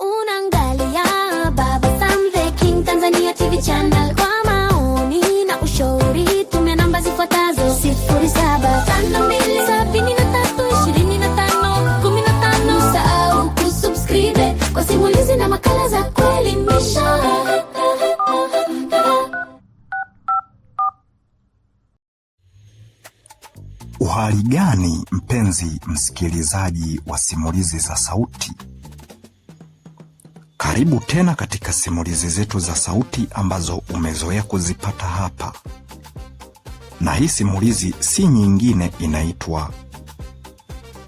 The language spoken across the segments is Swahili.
Unaangalia Baba Sam the King Tanzania TV channel. Kwa maoni na ushauri tumia namba zifuatazo: 0752732515 usahau kusubscribe kwa simulizi na makala za kuelimisha. Uhali gani mpenzi msikilizaji wa simulizi za sauti? Karibu tena katika simulizi zetu za sauti ambazo umezoea kuzipata hapa, na hii simulizi si nyingine, inaitwa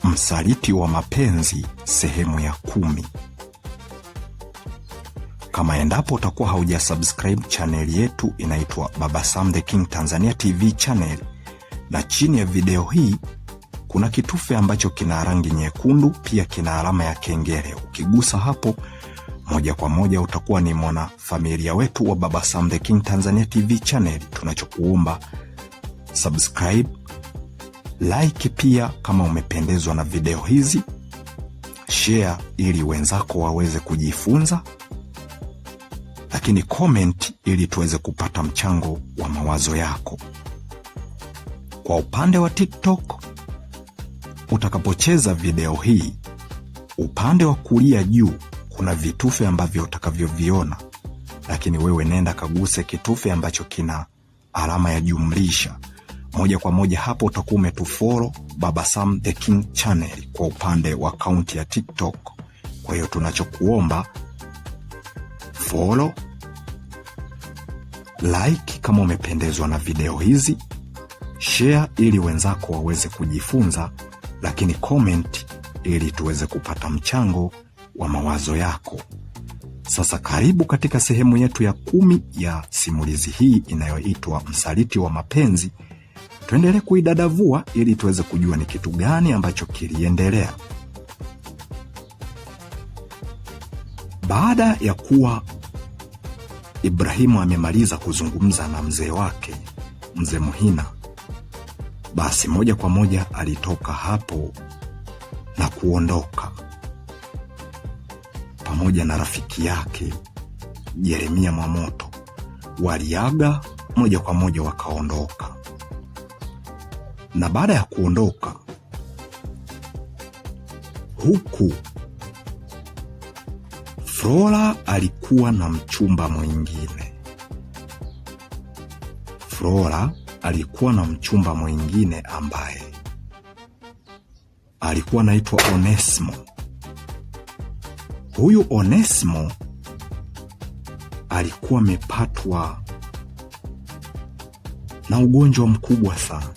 Msaliti wa Mapenzi sehemu ya kumi. Kama endapo utakuwa haujasubscribe chaneli yetu inaitwa Baba Sam the King Tanzania TV channel, na chini ya video hii kuna kitufe ambacho kina rangi nyekundu, pia kina alama ya kengele. Ukigusa hapo moja kwa moja utakuwa ni mwanafamilia wetu wa Baba Sam the King Tanzania TV channel. Tunachokuomba subscribe, like, pia kama umependezwa na video hizi share, ili wenzako waweze kujifunza, lakini comment ili tuweze kupata mchango wa mawazo yako. Kwa upande wa TikTok, utakapocheza video hii, upande wa kulia juu kuna vitufe ambavyo utakavyoviona, lakini wewe nenda kaguse kitufe ambacho kina alama ya jumlisha moja kwa moja hapo utakuwa umetuforo Baba Sam the King channel kwa upande wa akaunti ya TikTok. Kwa hiyo tunachokuomba follow, like kama umependezwa na video hizi, share ili wenzako waweze kujifunza, lakini comment ili tuweze kupata mchango wa mawazo yako. Sasa karibu katika sehemu yetu ya kumi ya simulizi hii inayoitwa Msaliti wa Mapenzi. Tuendelee kuidadavua ili tuweze kujua ni kitu gani ambacho kiliendelea. Baada ya kuwa Ibrahimu amemaliza kuzungumza na mzee wake, mzee Muhina, basi moja kwa moja alitoka hapo na kuondoka pamoja na rafiki yake Jeremia Mwamoto waliaga moja kwa moja wakaondoka. Na baada ya kuondoka huku, Flora alikuwa na mchumba mwingine. Flora alikuwa na mchumba mwingine ambaye alikuwa anaitwa onesimo Huyu Onesimo alikuwa amepatwa na ugonjwa mkubwa sana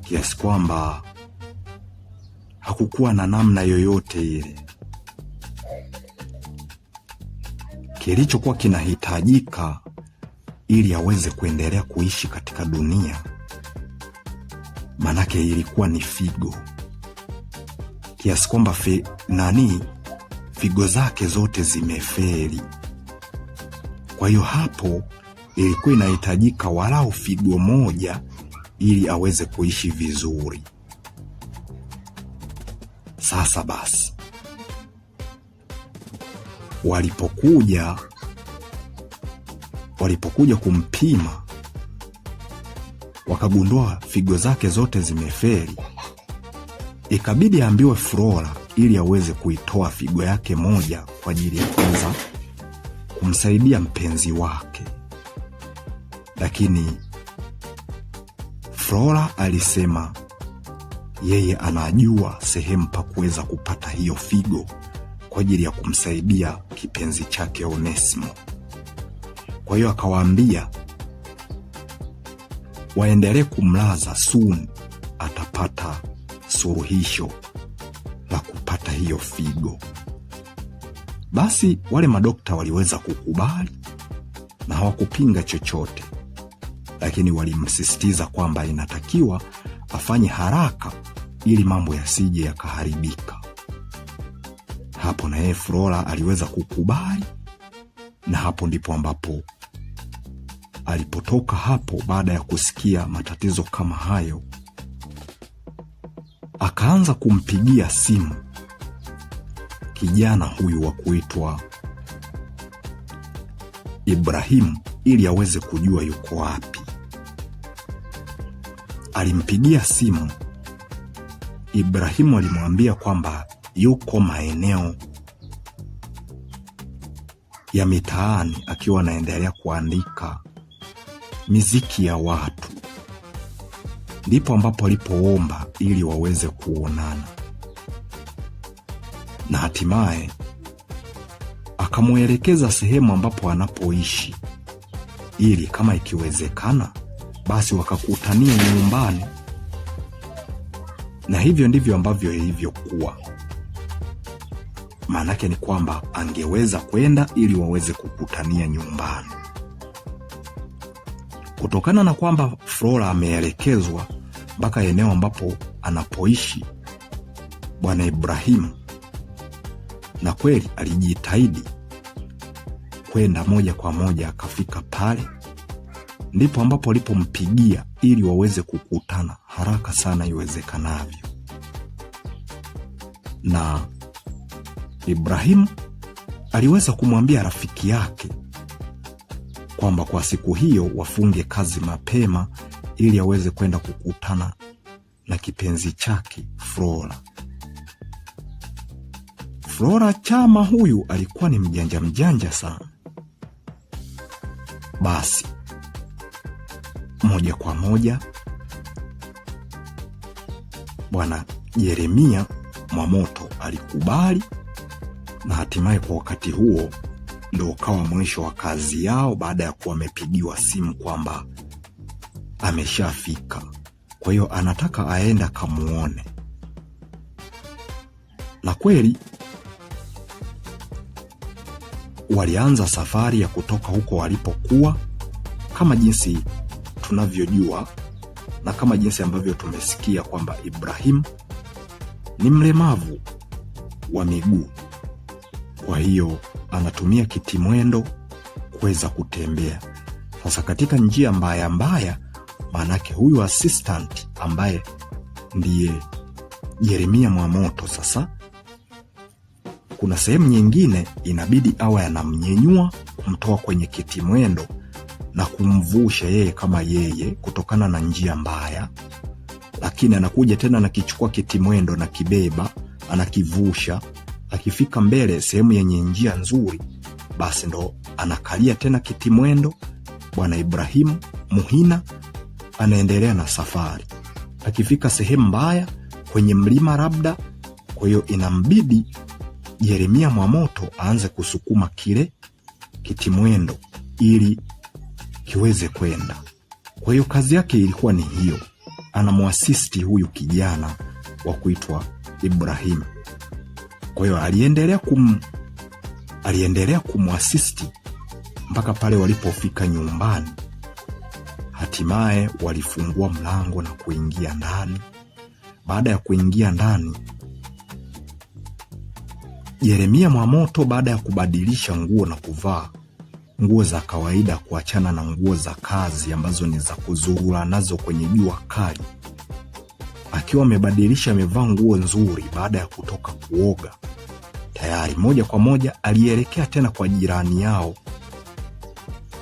kiasi kwamba hakukuwa na namna yoyote ile. Kilichokuwa kinahitajika ili aweze kuendelea kuishi katika dunia, manake ilikuwa ni figo kiasi kwamba fe, nani figo zake zote zimefeli. Kwa hiyo hapo ilikuwa inahitajika walau figo moja ili aweze kuishi vizuri. Sasa basi, walipokuja walipokuja kumpima wakagundua figo zake zote zimefeli. Ikabidi aambiwe Flora ili aweze kuitoa figo yake moja kwa ajili ya kuweza kumsaidia mpenzi wake, lakini Flora alisema yeye anajua sehemu pa kuweza kupata hiyo figo kwa ajili ya kumsaidia kipenzi chake Onesimo. Kwa hiyo akawaambia waendelee kumlaza soon atapata suruhisho la kupata hiyo figo. Basi wale madokta waliweza kukubali na hawakupinga chochote, lakini walimsisitiza kwamba inatakiwa afanye haraka ili mambo yasije yakaharibika. Hapo na yeye Flora aliweza kukubali, na hapo ndipo ambapo alipotoka hapo baada ya kusikia matatizo kama hayo akaanza kumpigia simu kijana huyu wa kuitwa Ibrahimu ili aweze kujua yuko wapi. Alimpigia simu Ibrahimu, alimwambia kwamba yuko maeneo ya mitaani akiwa anaendelea kuandika miziki ya watu ndipo ambapo alipoomba ili waweze kuonana, na hatimaye akamwelekeza sehemu ambapo anapoishi ili kama ikiwezekana basi wakakutania nyumbani. Na hivyo ndivyo ambavyo ilivyokuwa. Maanake ni kwamba angeweza kwenda ili waweze kukutania nyumbani. Kutokana na kwamba Flora ameelekezwa mpaka eneo ambapo anapoishi Bwana Ibrahimu, na kweli alijitahidi kwenda moja kwa moja, akafika pale, ndipo ambapo alipompigia ili waweze kukutana haraka sana iwezekanavyo. Na Ibrahimu aliweza kumwambia rafiki yake kwamba kwa siku hiyo wafunge kazi mapema ili aweze kwenda kukutana na kipenzi chake Flora. Flora Chama huyu alikuwa ni mjanja mjanja sana. Basi moja kwa moja Bwana Yeremia Mwamoto alikubali na hatimaye kwa wakati huo ndo ukawa mwisho wa kazi yao, baada ya kuwa amepigiwa simu kwamba ameshafika, kwa hiyo anataka aende akamwone Na kweli walianza safari ya kutoka huko walipokuwa, kama jinsi tunavyojua na kama jinsi ambavyo tumesikia kwamba Ibrahim ni mlemavu wa miguu, kwa hiyo anatumia kitimwendo kuweza kutembea. Sasa katika njia mbaya mbaya, maanake huyu assistant ambaye ndiye Yeremia Mwamoto, sasa kuna sehemu nyingine inabidi awe anamnyenyua kumtoa kwenye kitimwendo na kumvusha yeye kama yeye kutokana na njia mbaya, lakini anakuja tena anakichukua kitimwendo na kibeba anakivusha Akifika mbele sehemu yenye njia nzuri, basi ndo anakalia tena kiti mwendo. Bwana Ibrahimu Muhina anaendelea na safari. Akifika sehemu mbaya kwenye mlima labda, kwa hiyo inambidi Yeremia Mwamoto aanze kusukuma kile kiti mwendo ili kiweze kwenda. Kwa hiyo kazi yake ilikuwa ni hiyo, anamwasisti huyu kijana wa kuitwa Ibrahimu. Kwa hiyo aliendelea kum aliendelea kumwasisti mpaka pale walipofika nyumbani. Hatimaye walifungua mlango na kuingia ndani. Baada ya kuingia ndani, Yeremia Mwamoto, baada ya kubadilisha nguo na kuvaa nguo za kawaida, kuachana na nguo za kazi ambazo ni za kuzurura nazo kwenye jua kali, akiwa amebadilisha, amevaa nguo nzuri, baada ya kutoka kuoga tayari, moja kwa moja alielekea tena kwa jirani yao,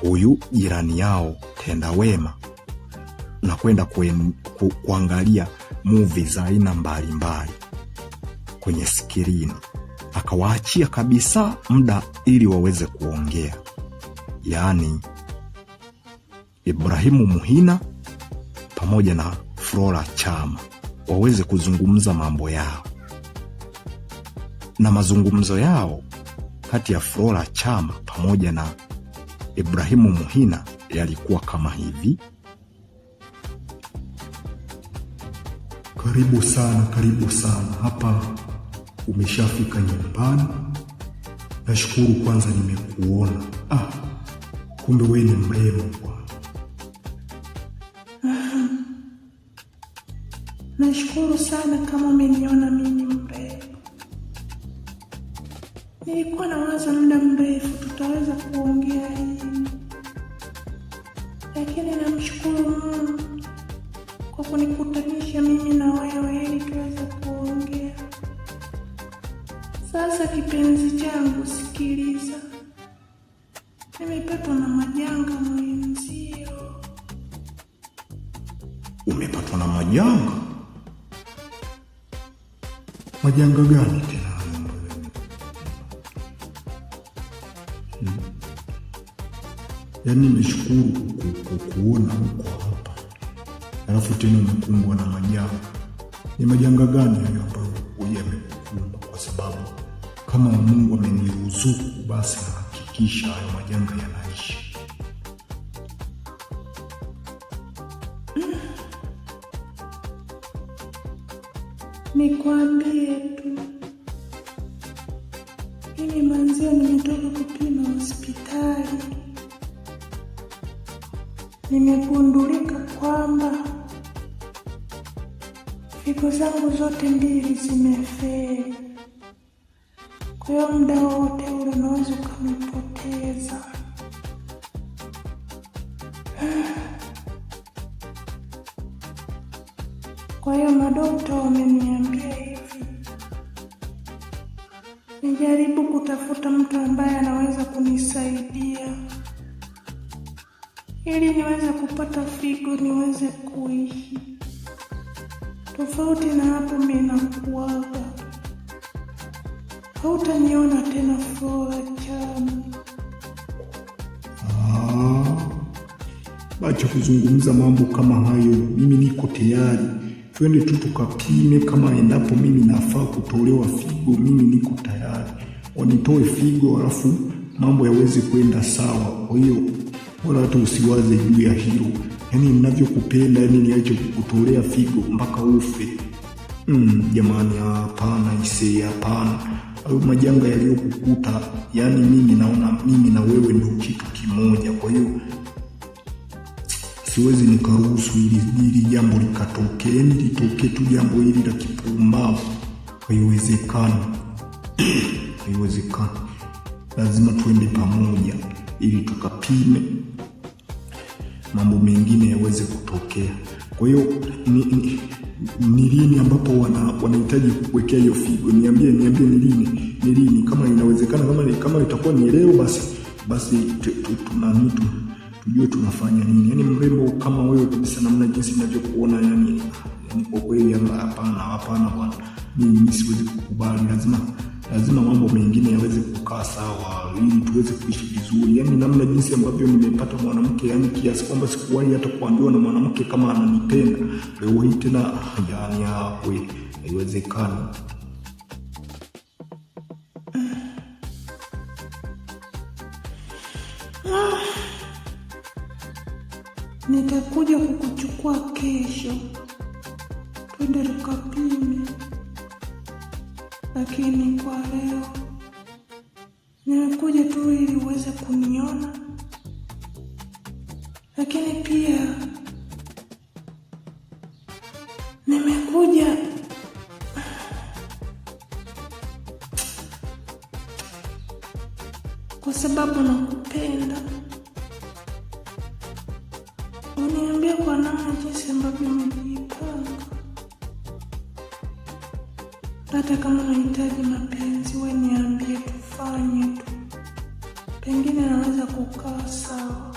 huyu jirani yao Tenda Wema, na kwenda ku, kuangalia muvi za aina mbalimbali kwenye skrini. Akawaachia kabisa muda ili waweze kuongea, yaani Ibrahimu Muhina pamoja na Flora Chama waweze kuzungumza mambo yao na mazungumzo yao kati ya Flora Chama pamoja na Ibrahimu Muhina yalikuwa kama hivi: karibu sana, karibu sana hapa. Umeshafika nyumbani? Nashukuru kwanza nimekuona. Ah, kumbe wewe ni mrembo bwana. Nashukuru sana kama umeniona mimi naweza kuongea hivi, lakini namshukuru Mungu kwa kunikutanisha mimi na wewe ili tuweze kuongea. Sasa kipenzi changu, sikiliza, nimepatwa na majanga mwenzio. Umepatwa na majanga? Majanga gani? yaani nashukuru kuona huko hapa, alafu tena umekumbwa na majanga. Ni majanga gani hayo ambayo wewe Kwa sababu kama Mungu ameniruzuku, basi nahakikisha hayo majanga yanaisha. Nikwambie nimegundulika kwamba figo zangu zote mbili zimefeli. Kwa hiyo muda wote ule unaweza ukanipoteza. Kwa hiyo madokta wameniambia hivi, nijaribu kutafuta mtu ambaye anaweza kunisaidia ili niweze kupata figo niweze kuishi. Tofauti na hapo, mimi nakuaga, hautaniona tena Flora Chami. Ah, acha kuzungumza mambo kama hayo, mimi niko tayari. Twende tu tukapime, kama endapo mimi nafaa kutolewa figo, mimi niko tayari, wanitoe figo, halafu mambo yaweze kwenda sawa. Kwa hiyo wala hata usiwaze juu ya hilo. Yaani mnavyokupenda, yani niache kukutolea figo mpaka ufe. Mm, jamani hapana ise, hapana. au majanga yaliyokukuta, yani mimi naona mimi na wewe ndio kitu kimoja. Kwa hiyo siwezi nikaruhusu ili ili jambo likatokee, yani litokee tu jambo hili la kipumbavu. Haiwezekani, haiwezekani. Lazima tuende pamoja ili tukapime mambo mengine yaweze kutokea. Kwa hiyo ni, ni, ni lini ambapo wana wanahitaji kuwekea hiyo figo? Niambie, niambie ni lini, ni lini? Kama inawezekana, kama kama itakuwa ni leo, basi basi tunani tujue tunafanya nini. Yani mrembo kama wewe kabisa, namna jinsi ninavyokuona, yani yani, kwa kweli hapana, hapana bwana, mimi siwezi kukubali, lazima lazima mambo mengine yaweze kukaa sawa ili tuweze kuishi vizuri. Yani namna jinsi ambavyo nimepata mwanamke, yani kiasi kwamba sikuwahi hata kuambiwa na mwanamke kama ananipenda. Leo hii tena, yani hapo haiwezekani. nitakuja kukuchukua kesho, twende rukapini lakini kwa leo nimekuja tu ili uweze kuniona, lakini pia nimekuja kwa sababu nakupenda. Uniambie kwa namna jinsi ambavyo umejia Hata kama unahitaji mapenzi, we niambie, tufanye tu, pengine naweza kukaa sawa.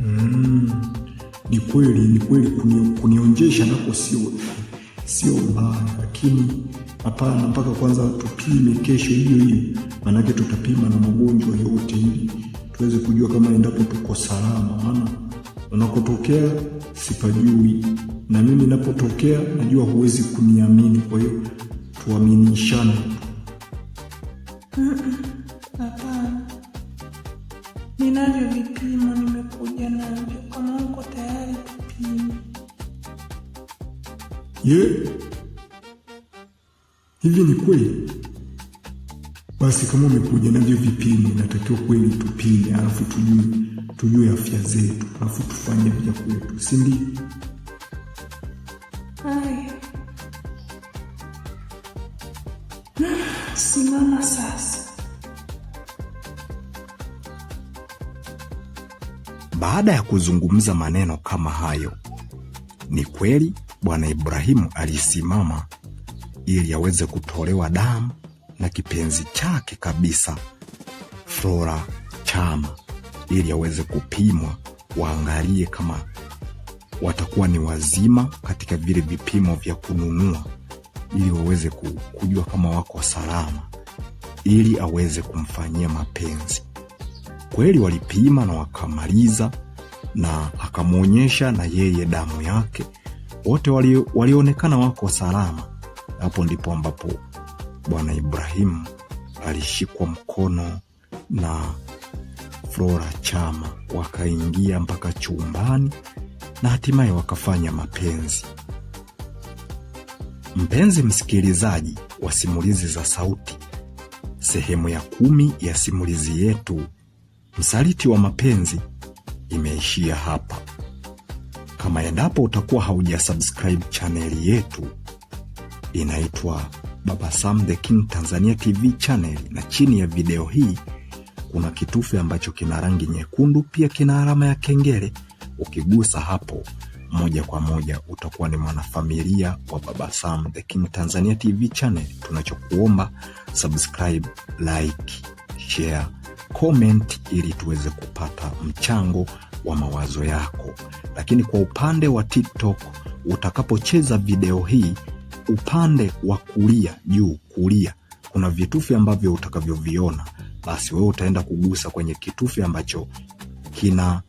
Mm, ni kweli, ni kweli, kunionjesha nako sio sio mbaya, lakini hapana, mpaka kwanza tupime kesho hiyo hiyo, maanake tutapima na magonjwa yote ili tuweze kujua kama endapo tuko salama, maana unakotokea sipajui, na mimi napotokea najua huwezi kuniamini, kwa hiyo tuaminishane. Hapana, ninavyo vipimo, nimekuja navyo. Kama uko tayari kupima Ye, hivi ni kweli? Basi kama umekuja navyo vipimo, natakiwa kweli tupime, alafu tujue tujue afya zetu, alafu tufanye vya kwetu, si ndio? Simama sasa. Baada ya kuzungumza maneno kama hayo, ni kweli Bwana Ibrahimu alisimama ili aweze kutolewa damu na kipenzi chake kabisa Flora Chama ili aweze kupimwa, waangalie kama watakuwa ni wazima katika vile vipimo vya kununua, ili waweze kujua kama wako salama, ili aweze kumfanyia mapenzi. Kweli walipima na wakamaliza, na akamwonyesha na yeye damu yake, wote walionekana wali wako salama. Hapo ndipo ambapo Bwana Ibrahimu alishikwa mkono na Flora Chama, wakaingia mpaka chumbani na hatimaye wakafanya mapenzi. Mpenzi msikilizaji wa simulizi za sauti, sehemu ya kumi ya simulizi yetu Msaliti wa Mapenzi imeishia hapa. Kama endapo utakuwa haujasubscribe chaneli yetu inaitwa Baba Sam the King Tanzania TV channel, na chini ya video hii kuna kitufe ambacho kina rangi nyekundu, pia kina alama ya kengele. Ukigusa hapo moja kwa moja utakuwa ni mwanafamilia wa Baba Sam the King Tanzania TV channel. Tunachokuomba subscribe, like, share, comment ili tuweze kupata mchango wa mawazo yako. Lakini kwa upande wa TikTok utakapocheza video hii upande wa kulia juu kulia kuna vitufe ambavyo utakavyoviona, basi wewe utaenda kugusa kwenye kitufe ambacho kina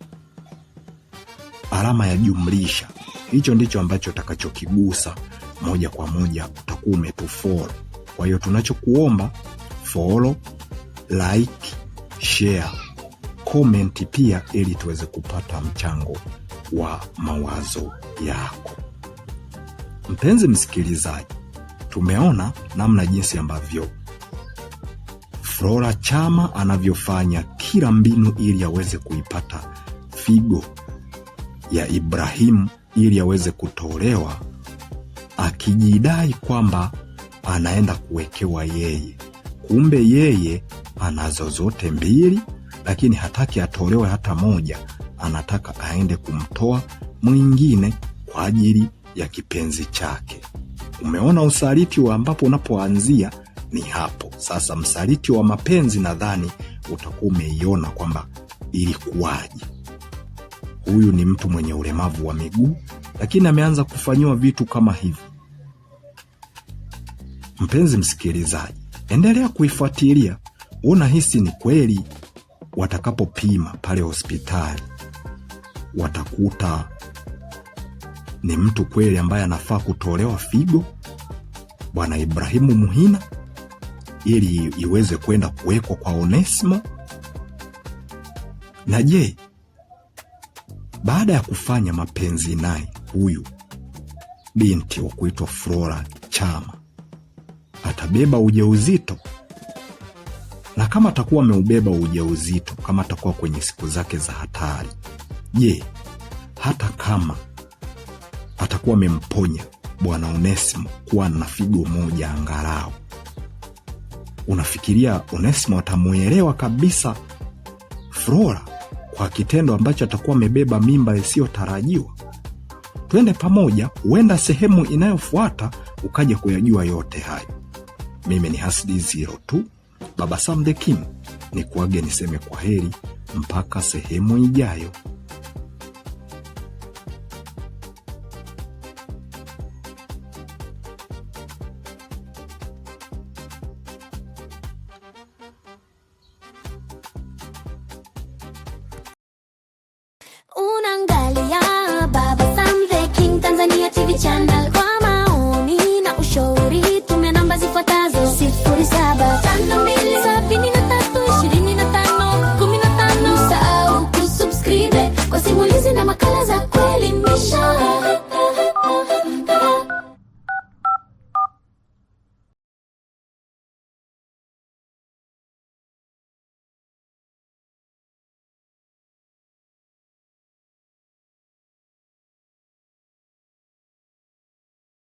alama ya jumlisha. Hicho ndicho ambacho utakachokigusa moja kwa moja utakuwa umetufollow. Kwa hiyo tunachokuomba follow, like, share, comment pia, ili tuweze kupata mchango wa mawazo yako. Mpenzi msikilizaji, tumeona namna jinsi ambavyo Flora Chama anavyofanya kila mbinu ili aweze kuipata figo ya Ibrahimu ili aweze kutolewa, akijidai kwamba anaenda kuwekewa yeye, kumbe yeye ana zozote mbili, lakini hataki atolewe hata moja, anataka aende kumtoa mwingine kwa ajili ya kipenzi chake. Umeona usaliti wa ambapo unapoanzia ni hapo sasa. Msaliti wa mapenzi nadhani utakuwa umeiona kwamba ilikuwaje. Huyu ni mtu mwenye ulemavu wa miguu, lakini ameanza kufanyiwa vitu kama hivi. Mpenzi msikilizaji, endelea kuifuatilia, ona hisi ni kweli. Watakapopima pale hospitali watakuta ni mtu kweli ambaye anafaa kutolewa figo bwana Ibrahimu Muhina ili iweze kwenda kuwekwa kwa Onesimo? Na je, baada ya kufanya mapenzi naye huyu binti wa kuitwa Flora Chama atabeba ujauzito? Na kama atakuwa ameubeba ujauzito, kama atakuwa kwenye siku zake za hatari, je, hata kama atakuwa amemponya Bwana Onesimo kuwa na figo moja angalau. Unafikiria Onesimo atamwelewa kabisa Flora kwa kitendo ambacho atakuwa amebeba mimba isiyotarajiwa? Twende pamoja, huenda sehemu inayofuata ukaja kuyajua yote hayo. Mimi ni Hasdi Zero tu, Baba Sam the King, ni kuage niseme kwa heri mpaka sehemu ijayo.